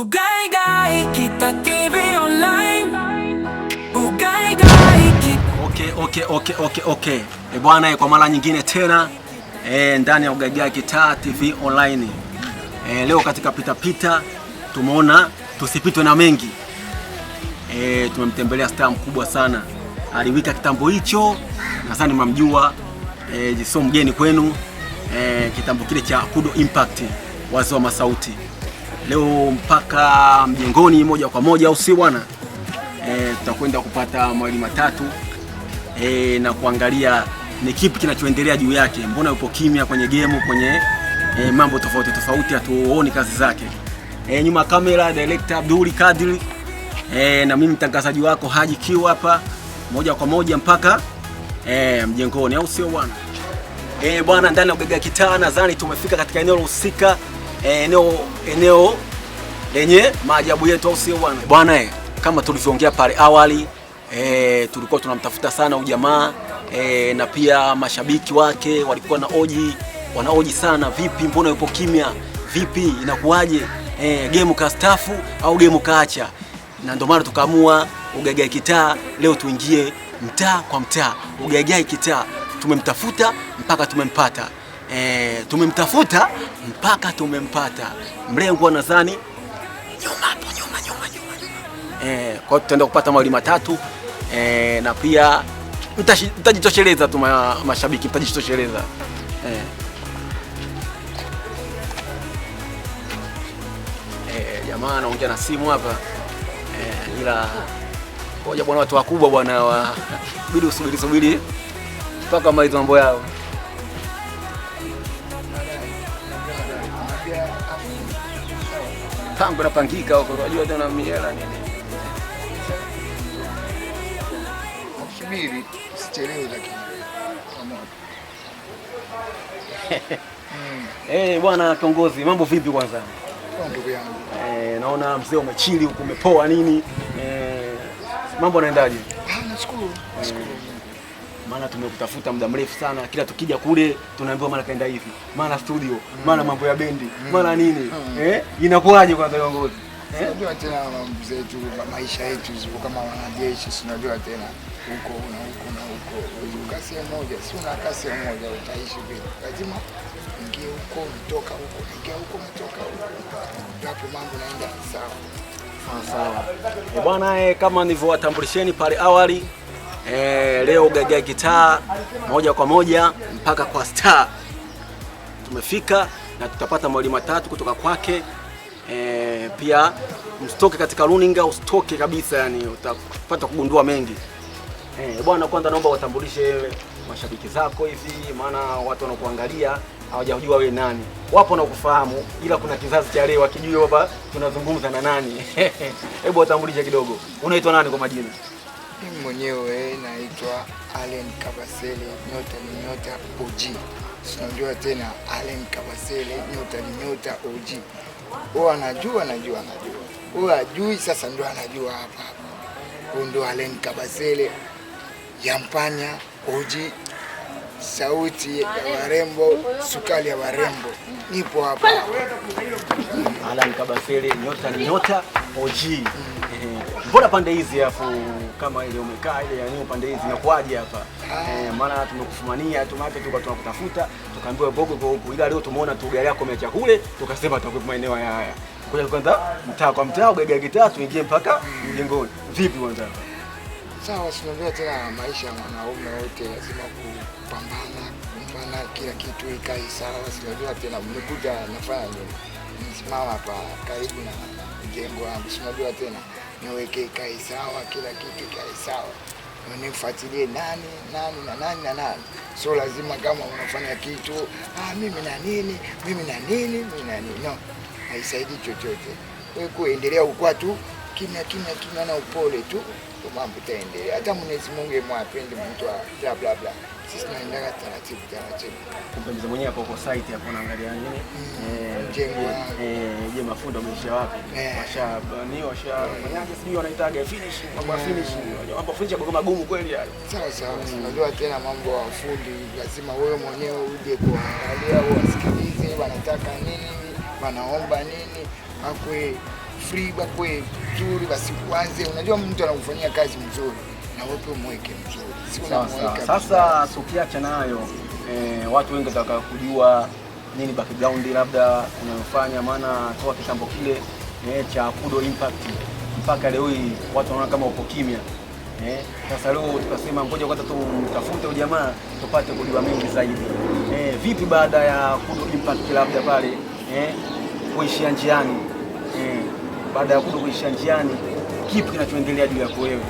Ugaigay Kita TV Online. Ugaigay Kita. Okay, okay, okay, okay, okay. E kwa mara nyingine tena e, ndani ya Ugaigai Kitaa TV Online e, leo katika pitapita tumeona tusipitwe na mengi e, tumemtembelea star mkubwa sana aliwika kitambo hicho, nadhani mamjua e, sio mgeni kwenu e, kitambo kile cha Kudo Impact, wazee wa masauti leo mpaka mjengoni moja kwa moja, au si bwana? E, tutakwenda kupata mawili matatu e, na kuangalia ni kipi kinachoendelea juu yake. Mbona yupo kimya kwenye gemu, kwenye e, mambo tofauti tofauti, hatuoni kazi zake. E, nyuma kamera director Abduli Kadri e, na mimi mtangazaji wako Haji Q hapa moja kwa moja mpaka e, mjengoni, au sio bwana? E, bwana ndani ya Ugaga Kitaa nadhani tumefika katika eneo la husika eneo eneo lenye maajabu yetu, au sio bwana? Bwana, eh, kama tulivyoongea pale awali e, tulikuwa tunamtafuta sana ujamaa e, eh, na pia mashabiki wake walikuwa na oji wanaoji sana, vipi, mbona yupo kimya, vipi, inakuwaje? E, game kastafu au game kaacha? Na ndio maana tukaamua Ugaigai Kitaa leo tuingie mtaa kwa mtaa, Ugaigai Kitaa tumemtafuta mpaka tumempata eh, tumemtafuta mpaka tumempata. Mlengo nadhani nyuma hapo nyuma nyuma nyuma. Eh, kwa hiyo tutaenda kupata mawili matatu eh, na pia mtajitosheleza tu mashabiki mtajitosheleza eh. E, jamaa anaongea na simu hapa eh, ila koja bwana, watu wakubwa bwana, bidi usubiri subiri mpaka malizo mambo yao. pango napangika huko, unajua tena miela nini. Subiri usichelewe, lakini Eh, bwana kiongozi, mambo vipi kwanza? Mambo yangu. Eh, naona mzee umechili huko umepoa nini? Eh, mambo yanaendaje? Ah, nashukuru. Nashukuru maana tumekutafuta muda mrefu sana, kila tukija kule tunaambiwa mara kaenda hivi, mara studio, mara mambo ya bendi, mara nini. Hmm. Eh, inakuwaje kwa viongozi? Eh? Unajua tena mambo zetu, maisha yetu kama wanajeshi, si unajua tena huko na huko na huko, kasi ya moja, si una kasi ya moja, utaishi vipi? Lazima ingie huko, mtoka huko, ingia huko, mtoka huko, hapo mambo naenda sawa sawa. Eh, bwana, eh, kama nilivyowatambulisheni pale awali E, leo gagaa kitaa moja kwa moja mpaka kwa star. Tumefika na tutapata mawili matatu kutoka kwake. E, pia mstoke katika runinga, ustoke kabisa, yani utapata kugundua mengi. E, bwana, kwanza naomba watambulishe mashabiki zako hivi, maana watu wanakuangalia hawajajua wewe nani. Wapo na kufahamu, ila kuna kizazi cha leo wakijua baba tunazungumza na nani. Hebu watambulishe kidogo, unaitwa nani kwa majina? Mimi mwenyewe naitwa Allen Kabasele, nyota ni nyota OG. Sinajua tena Allen Kabasele, nyota ni nyota OG. Huyo anajua, anajua, anajua. Huyo ajui, sasa ndio anajua hapa Huyu ndio Allen Kabasele yampanya OG sauti ya warembo, sukari ya warembo. Nipo hapa Alan Kabasele, nyota ni nyota OG. Eh, mbona pande hizi hapo kama ile umekaa ile yani pande hizi kuaje hapa? Eh, maana tumekufumania tu maana tulikuwa tunakutafuta, tukaambiwa Bongo kwa huko. Ila leo tumeona tu gari yako imeacha kule, tukasema tutakuwa maeneo haya haya. Kwanza kwanza mtaa kwa mtaa, ugaga gitaa tuingie mpaka mjengoni. Vipi kwanza? sawa, sinajua tena maisha ya mwanaume wote lazima kupambana, kupambana kila kitu ikae sawa. Sinajua tena mmekuja nafanya nini nisimama hapa karibu na mjengo wangu, sinajua tena niweke ikae sawa, kila kitu ikae sawa, nifuatilie nani nani na nani na nani. So lazima kama unafanya kitu ah, mimi na nini mimi na nini mimi na nini, no, haisaidii chochote. Wewe kuendelea ukwa tu kimya kimya kimya na upole tu mambo itaendelea. Hata Mwenyezi Mungu yemwapendi mtu bla bla bla, sisi tunaendaga taratibu taratibu. Mpenzi mwenyewe hapo kwa site hapo naangalia nini mm, eh, mjengo, eh, eh, je, mafundi wameisha wapi? Washa ni washa fanyaje, sijui wanaitaga finish, mambo mm. finish, mambo finish kwa magumu kweli hayo. Sawa sawa, unajua tena mambo ya ufundi, lazima wewe mwenyewe uje kuangalia, uwasikilize wanataka nini, wanaomba nini, akwe free bakwe mzuri, wasikuanze. Unajua mtu anakufanyia kazi mzuri na wewe mweke mzuri, si unamweka. Sasa sukiacha nayo eh, watu wengi wataka kujua nini background labda unayofanya, maana toa kitambo kile eh, cha Kudo Impact mpaka leo hii watu wanaona kama uko kimya. Eh, sasa leo tukasema ngoja kwanza tumtafute ujamaa tupate kujua mengi zaidi. Eh, vipi baada ya Kudo Impact labda pale eh, kuishia njiani baada ya kudukuisha njiani, kipi kinachoendelea juu yako wewe?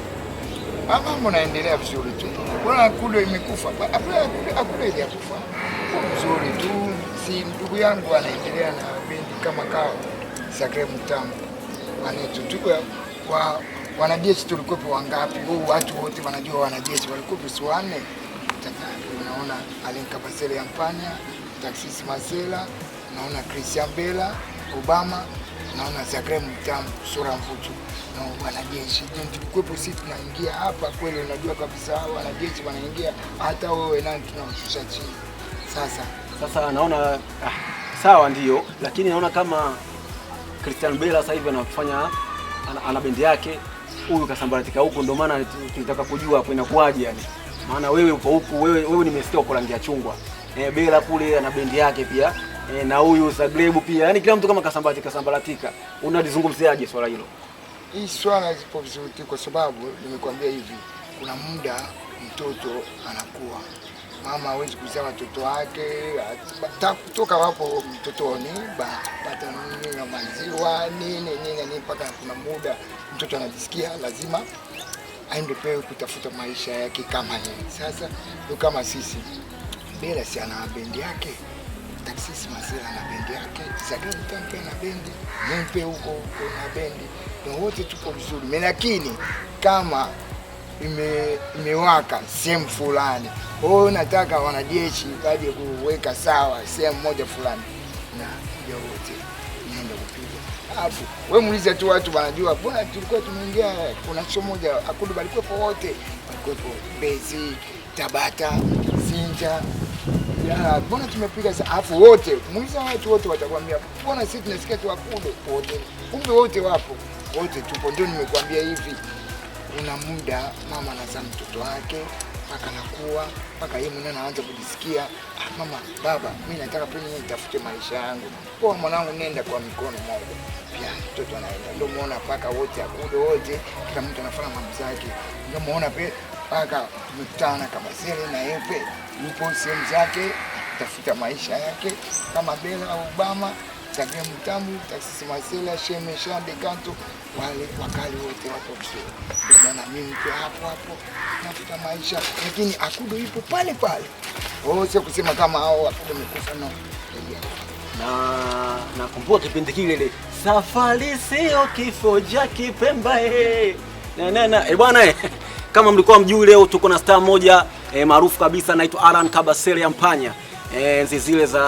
Ah, mambo naendelea vizuri tu, kuna kudo imekufa, akudo ijakufa vizuri tu, si ndugu yangu anaendelea na bendi kama kawa sakremu tamu anetutua wa wanajeshi tulikuwepo wangapi? Huu watu wote wanajua wanajeshi walikuwepo si wanne? Unaona ya Yampanya, Taksisi Masela, unaona Christian Bella Obama naona Zagreb mtamu, sura mvuto na wanajeshi. Tukikwepo sisi tunaingia hapa kweli, unajua kabisa hao wanajeshi wanaingia, hata wewe nani tunamshusha chini. Sasa sasa naona ah, sawa ndio, lakini naona kama Christian Bella sasa hivi anafanya ana, ana bendi yake, huyu kasambaratika huko, ndio maana tunataka kujua hapo inakuaje yani. Maana wewe upo huku, wewe wewe nimesikia uko rangi ya chungwa. Eh, Bella kule ana bendi yake pia e, na huyu Zagrebu pia, yaani kila mtu kama kasambati kasambaratika. Unalizungumziaje swala hilo? Hii swala zipo vizuri, kwa sababu nimekuambia hivi, kuna muda mtoto anakuwa mama hawezi kuzaa watoto wake, hata kutoka wapo mtotoni pata nini na maziwa nini nini nini, mpaka kuna muda mtoto anajisikia lazima aende pewe kutafuta maisha yake kama nini. Sasa ndio kama sisi, Bela si ana bendi yake taasisi mazira na bendi yake Sagamtampe na bendi Mpe huko huko na bendi na wote tuko vizuri mimi, lakini kama ime, imewaka sehemu fulani, oh, nataka wanajeshi waje kuweka sawa sehemu moja fulani, na ndio wote nienda kupiga. Alafu wewe muulize tu watu wanajua, bwana tulikuwa tumeingia kuna show moja akudu balikuwepo wote, balikuwepo bezi Tabata, Sinja Ah, mbona tumepiga sasa? Alafu wote muuliza watu wote watakwambia, mbona sisi tunasikia tu wakudo wote, kumbe wote wapo wote tupo. Ndio nimekuambia hivi, una muda mama anazaa mtoto wake mpaka nakuwa mpaka yeye mwenyewe anaanza kujisikia ah, mama baba, mimi nataka pia mimi nitafute maisha yangu. Kwa mwanangu, nenda kwa mikono moja, pia mtoto anaenda. Ndio muona paka wote akudo wote, kila mtu anafanya mambo yake, ndio muona pia mpaka tumekutana kama zile na Hepe, yupo sehemu zake tafuta maisha yake kama Bela au Obama Sagemu Tambu Taksisi Masela Sheme Shande Kanto, wale wakali wote watoke na mimi mtu hapo hapo nafuta maisha, lakini Akudo ipo pale pale. Oh, sio kusema kama hao Akudo amekufa no. Na nakumbuka kipindi kile ile safari sio kifo ja kipemba eh. Na na na eh bwana eh kama mlikuwa mjui, leo tuko na star moja e, maarufu kabisa anaitwa Alan Kabasele Mpanya. Eh, enzi zile za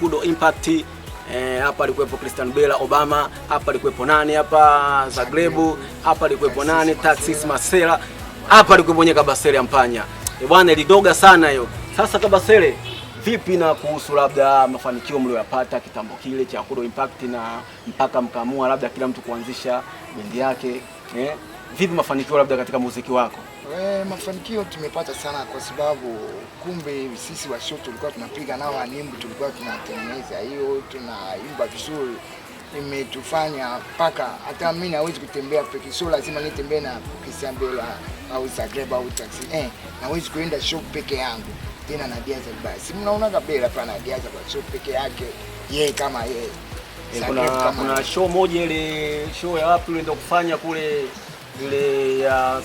Kudo Impact eh, hapa e, alikuwepo Christian Bella Obama, hapa alikuwepo nani hapa Zagrebu, hapa alikuwepo nani Taxis Masela, hapa alikuwepo mwenye Kabasele Mpanya. E, bwana ilidoga sana hiyo. Sasa Kabasele, vipi na kuhusu labda mafanikio mlioyapata kitambo kile cha Kudo Impact na mpaka mkaamua labda kila mtu kuanzisha bendi yake eh? Vipi mafanikio labda katika muziki wako? E, mafanikio tumepata sana kwa sababu kumbe sisi washo tulikuwa tunapiga nao wanimbo, tulikuwa tunatengeneza hiyo, tunaimba vizuri, imetufanya mpaka hata mimi nawezi kutembea peke, so lazima nitembee na Kisambela au Zagreb au taxi eh, nawezi kuenda show peke yangu tena na Diaza basi, mnaona kabela pana Diaza kwa show peke yake yeye kama yeye. Eh, kuna, kuna show moja ile show ya wapi ndio kufanya kule ile ya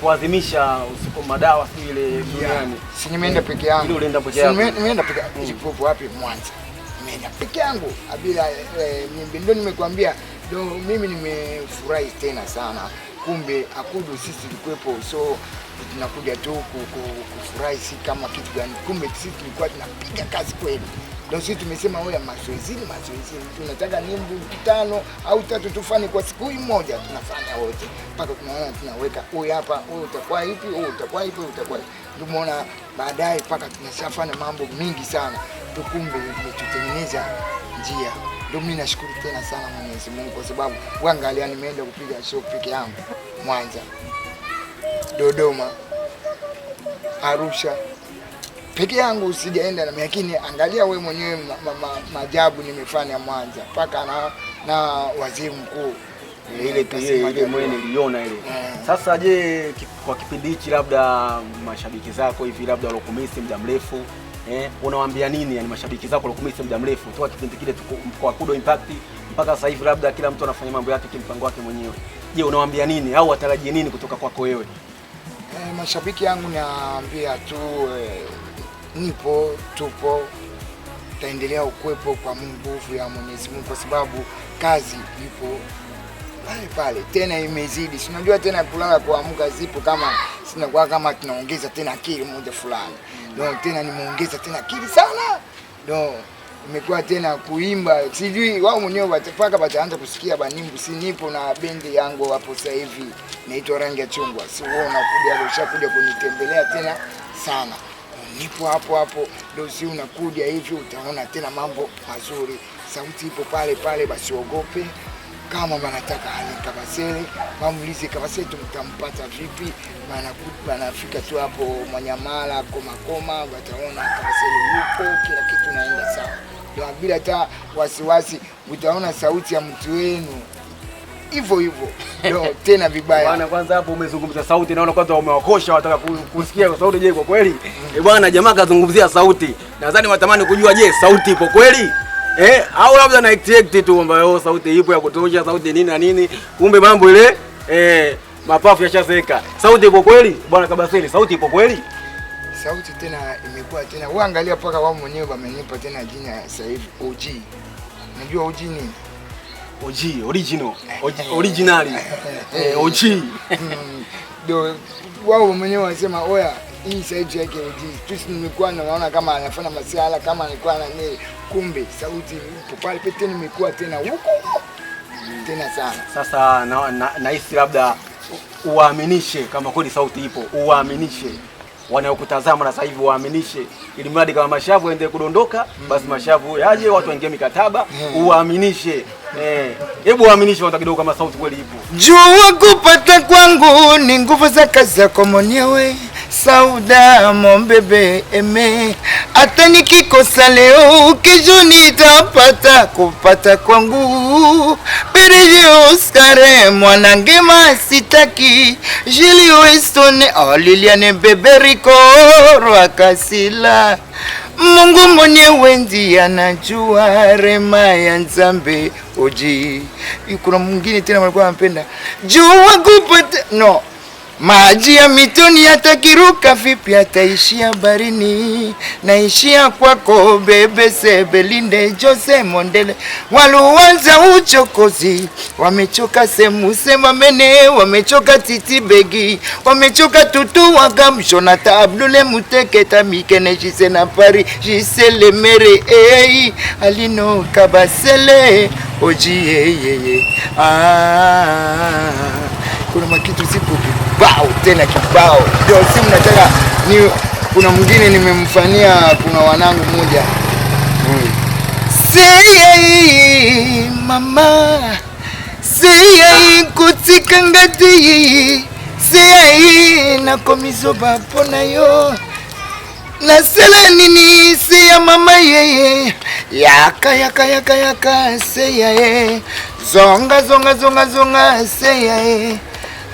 kuadhimisha usiku madawa, si ile duniani. Si nimeenda peke yangu. Ile ulienda peke yako. Nimeenda peke yangu. Mm. Ilikuwa wapi Mwanza? Nimeenda peke yangu bila mimi, eh, ndio nimekuambia, ndio mimi nimefurahi tena sana. Kumbe akudu sisi tulikuwepo, so tunakuja tu kufurahi, si kama kitu gani. Kumbe sisi tulikuwa tunapiga kazi kweli. Ndio sisi tumesema wewe mazoezi mazoezi, tunataka nyimbo tano au tatu tufanye kwa siku moja, tunafanya wote mpaka tunaona tunaweka huyu hapa, huyu utakuwa hivi, huyu utakuwa hivi, utakuwa ndio muona baadaye, mpaka tunashafanya mambo mingi sana, tukumbe imetutengeneza njia. Ndio mimi nashukuru tena sana Mwenyezi Mungu kwa sababu wangalia, nimeenda kupiga show peke yangu Mwanza, Dodoma, Arusha peke yangu sijaenda na, lakini angalia we mwenyewe ma, ma, majabu nimefanya Mwanza mpaka na, na waziri mkuu ile ile mwenye niliona ile. Eh. Sasa je, kwa kipindi hichi labda mashabiki zako hivi labda walokumisi muda mrefu eh, unawaambia nini yani mashabiki zako walokumisi muda mrefu toka kipindi kile kwa Kudo Impact mpaka sasa hivi, labda kila mtu anafanya mambo yake kimpango wake mwenyewe. Je, unawaambia nini au watarajie nini kutoka kwako wewe? Eh, mashabiki yangu naambia tu eh, nipo, tupo, taendelea ukwepo kwa nguvu ya Mwenyezi Mungu, kwa sababu kazi ipo pale pale, tena imezidi. Si unajua tena kulala kuamka zipo, kama sinakuwa kama tunaongeza tena kili moja fulani do no, tena nimeongeza tena kili sana do no, imekuwa tena kuimba, sijui wao mwenyewe watapaka wataanza kusikia banimbu. Si nipo na bendi yangu hapo sasa hivi naitwa Rangi ya Chungwa, si unakuja ushakuja kunitembelea tena sana nipo hapo hapo, dosi unakuja hivi, utaona tena mambo mazuri. Sauti ipo pale pale, basi ogope Kama wanataka hani Kabasele, mamulize Kabasele tumtampata vipi? Banafika tu hapo Mwanyamala Komakoma, wataona Kabasele yupo, kila kitu naenda sawa, bila hata wasiwasi. Utaona sauti ya mtu wenu hivyo hivyo ndio tena vibaya bwana. Kwanza hapo umezungumza sauti, naona kwanza umewakosha, wataka kusikia kwa sauti. Je, kwa kweli eh, bwana, jamaa kazungumzia sauti, nadhani watamani kujua, je, sauti ipo kweli eh, au labda na expect tu kwamba yo oh, sauti ipo ya kutosha, sauti nini na nini, kumbe mambo ile eh, mapafu yashaseka. Sauti ipo kweli bwana Kabasele, sauti ipo kweli sauti tena imekuwa tena, wewe angalia, mpaka wao mwenyewe wamenipa tena jina sasa hivi OG. Unajua OG nini? OG, original. OG, original. Eh, eh. OG. Hmm. Ndio wao mwenyewe wanasema oya hii sauti yake OG. Sisi nimekuwa naona kama anafanya masiala kama alikuwa na nini, kumbe sauti ipo pale pete, nimekuwa tena huko tena sana. Sasa nahisi na, labda uwaaminishe kama kweli sauti ipo, uwaaminishe wanaokutazama na sasa hivi waaminishe, ili mradi kama mashavu aende kudondoka, basi hmm. mashavu yaje, watu waingie mikataba, hmm. uwaaminishe Eh, hebu kidogo kama sauti kweli ipo. Jua kupata kwangu ni nguvu za kazi yako mwenyewe. Sauda mombebe eme, hata nikikosa leo, kesho nitapata kupata kwangu. Berejeoskare mwanangema sitaki jili westone aliliane oh, beberiko rwakasila Mungu mwenye wendi anajua rema ya nzambe Oji. Kuna mwingine tena walikuwa wanampenda jua kupata no maji ya mitoni yatakiruka vipi, yataishia barini. Naishia kwako bebe Sebelinde Jose Mondele. Waluanza uchokozi wamechoka, semusema mene wamechoka, titi begi wamechoka, tutu wagamsho na taabdule muteketa mikene jise na pari jise lemere ei eh, eh, eh, alino kabasele Ojiyeyeye. Ah, kuna makitu sipo kibao tena kibao, ndio simu nataka ni. Kuna mwingine nimemfanyia, kuna wanangu mmoja siyei hmm. mama siyei kutika ngati siyei nakomizoba pona yo nasela nini siya mama yeye yaka yaka yaka yaka se ya ye zonga zonga zonga zonga se ya ye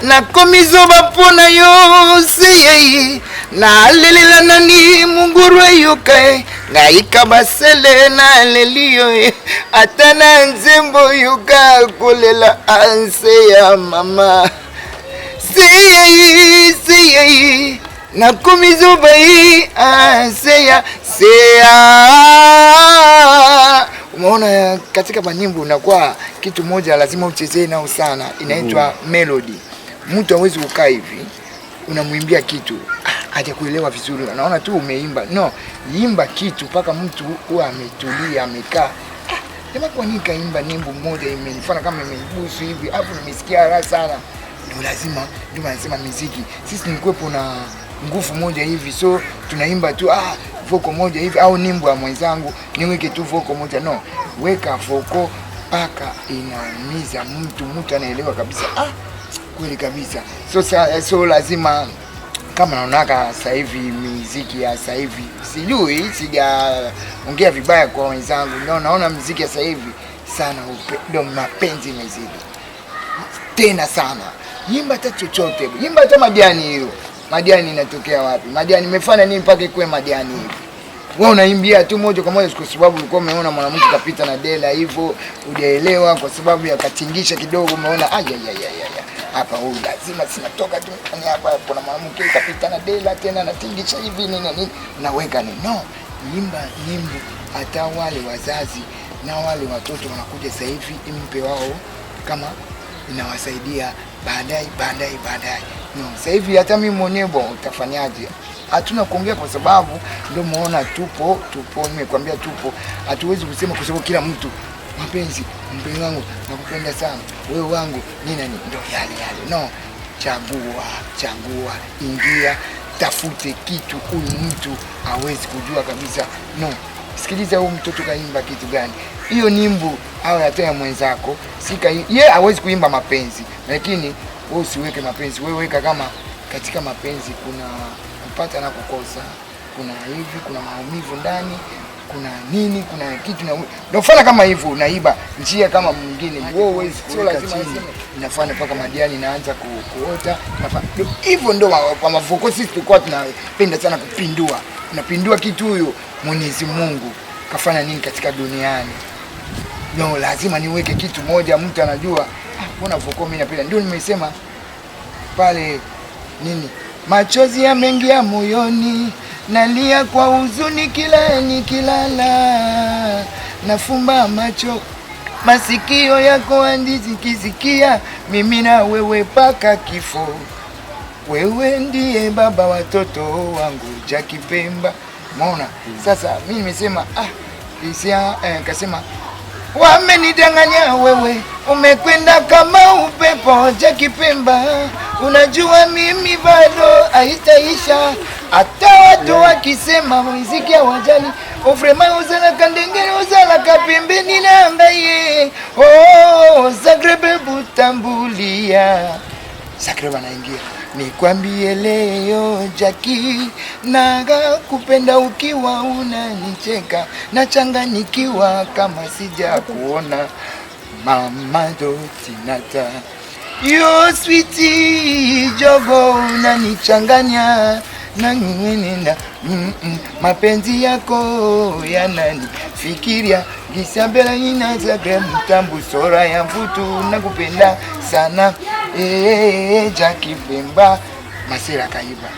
nakomi zoba mpo na yo se ya ye nalelela nani munguru eyoka ye ngaika basele naleli yo ye ata na nzembo oyoka kolela anse ya mama se ya ye se ya ye na kumi Zubai ah, seya seya. Umeona, katika manyimbo unakuwa kitu moja lazima uchezee nao sana, inaitwa mm-hmm. melody. Mtu hawezi kukaa hivi unamwimbia kitu ah, hajakuelewa vizuri, anaona tu umeimba. No, imba kitu mpaka mtu huwa ametulia, amekaa jamaa. Ah, Kwa nini kaimba nyimbo moja imenifana kama imenibusu hivi, afu nimesikia raha sana. Ndio lazima, ndio anasema muziki, sisi nilikuwepo na nguvu moja hivi, so tunaimba tu ah, voko moja hivi au nimbo ya mwenzangu niweke tu voko moja. No, weka voko mpaka inaumiza mtu, mtu anaelewa kabisa ah, kweli kabisa. So, sa, so lazima kama naonaka sasa hivi muziki ya sasa hivi, sijui sijaongea vibaya kwa wenzangu, ndio naona muziki ya sasa hivi sana upendo, mapenzi mezidi tena sana. yimba hata chochote, imba hata majani hiyo Majani inatokea wapi? Majani imefanya nini mpaka ikuwe majani hivi? Wewe unaimbia tu moja kwa moja kwa sababu ulikuwa umeona mwanamke kapita na dela hivyo, hujaelewa kwa sababu yakatingisha kidogo, umeona aya ya ya ya hapa, huyu lazima sinatoka tu hapa, kuna mwanamke kapita na dela tena anatingisha hivi nini nini, naweka ni No, imba nyimbo. Hata wale wazazi na wale watoto wanakuja sasa hivi, impe wao kama inawasaidia baadaye baadaye baadaye Mm. Sasa hivi hata mimi mwenyewe bwana, utafanyaje? Hatuna kuongea kwa sababu ndio muona tupo, tupo, nimekwambia tupo. Hatuwezi kusema kwa sababu kila mtu mapenzi, mpenzi wangu nakupenda sana, wewe wangu ni nani, ndio yale yale. No, chagua, chagua, ingia, tafute kitu huyu mtu hawezi kujua kabisa. No, sikiliza huyu mtoto kaimba kitu gani? Hiyo nimbu au hata ya mwenzako, sika yeye hawezi kuimba mapenzi, lakini wewe usiweke mapenzi, wewe weka kama katika mapenzi kuna kupata na kukosa, kuna hivi, kuna maumivu ndani, kuna nini, kuna kitu na ndio fanya kama hivyo, unaiba njia kama mwingine. Wewe sio lazima inafanya mpaka majani inaanza ku, kuota hivyo. Ndio kwa mavuko sisi tulikuwa tunapenda sana kupindua, unapindua kitu. Huyo Mwenyezi Mungu kafanya nini katika duniani? No, lazima niweke kitu moja, mtu anajua mbona vuko mimi napenda, ndio nimesema pale nini, machozi ya mengi ya moyoni, nalia kwa huzuni kila nikilala, nafumba macho masikio yako andizi kisikia mimi na wewe paka kifo. Wewe ndiye baba watoto wangu, Jackie Pemba. mona mm. sasa, mimi nimesema ah, kisia, eh, kasema Wamenidanganya wewe, umekwenda kama upepo. Jeki Pemba, unajua mimi bado haitaisha. Hata watu wakisema muziki hawajali, ofrema uzala kandengere uzala kapembeni nambaye oh, Zagreb butambulia Zagreb anaingia Nikwambie leo jaki naga kupenda ukiwa unanicheka, nachanganikiwa kama kuona mama Dotinata, yo switi jogo unanichanganya na nena mm -mm, mapenzi yako yananifikiria Gisabela Instagram mtambu sora ya mvutu nakupenda sana e Jaki Pemba Masira kaiba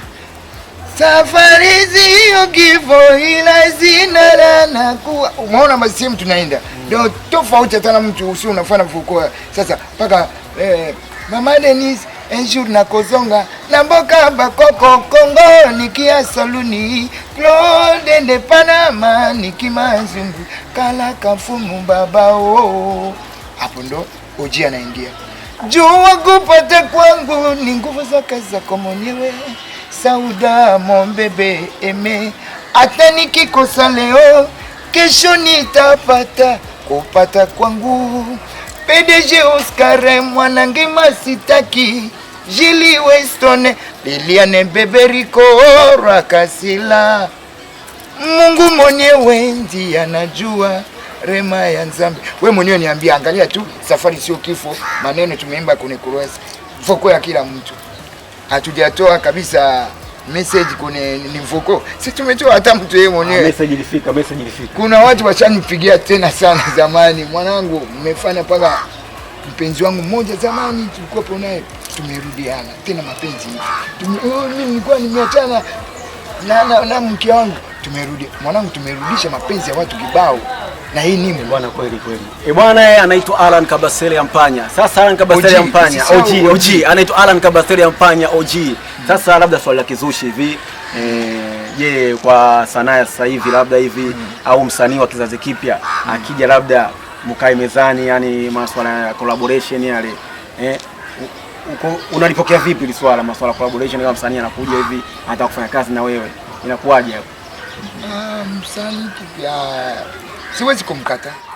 safari zio kifo ila zina lana kuwa umeona masimu tunaenda ndio mm. tofauti sana mtu usi unafana mfuko sasa mpaka eh, mama Denise enjur na kozonga na mboka bakoko kongo nikia saluni claude nde panama nikima nzumbu kalaka mfumu babao oh. hapo ndo uji anaingia jua kupata kwangu ni nguvu zake zako mwenyewe sauda mombebe eme hata nikikosa leo kesho nitapata kupata kwangu PDG Oscar mwanange masitaki Jilly Weston, Liliane Beberico, Rakasila, Mungu mwenyewe ndiye anajua rema ya Nzambe. We mwenyewe niambia, angalia tu, safari sio kifo. Maneno tumeimba kwenye kurasa mfuko ya kila mtu, hatujatoa kabisa message kwenye ni mfuko, si tumetoa hata mtu yeye mwenyewe ah, message ilifika, message ilifika. Kuna watu washanipigia tena sana, zamani mwanangu, mmefanya mpaka mpenzi wangu mmoja zamani tulikuwa naye tumerudiana tena mapenzi oh, mimi nilikuwa nimeachana na, na, na mke wangu tumerudi mwanangu, tumerudisha mapenzi ya watu kibao, na hii nini bwana kweli kweli. E bwana, yeye anaitwa Alan Kabasele ya Mpanya. Sasa Alan Kabasele ya Mpanya OG, OG anaitwa Alan Kabasele ya Mpanya OG. Sasa labda swali la kizushi hivi eh, je, kwa sanaa ya sasa hivi labda hivi mm. au msanii wa kizazi kipya mm. akija labda mkae mezani, yani masuala ya collaboration yale eh unalipokea vipi liswala swala, masuala collaboration, kama msanii anakuja hivi anataka kufanya kazi na wewe inakuwaje hapo? Ah, msanii ah, siwezi kumkata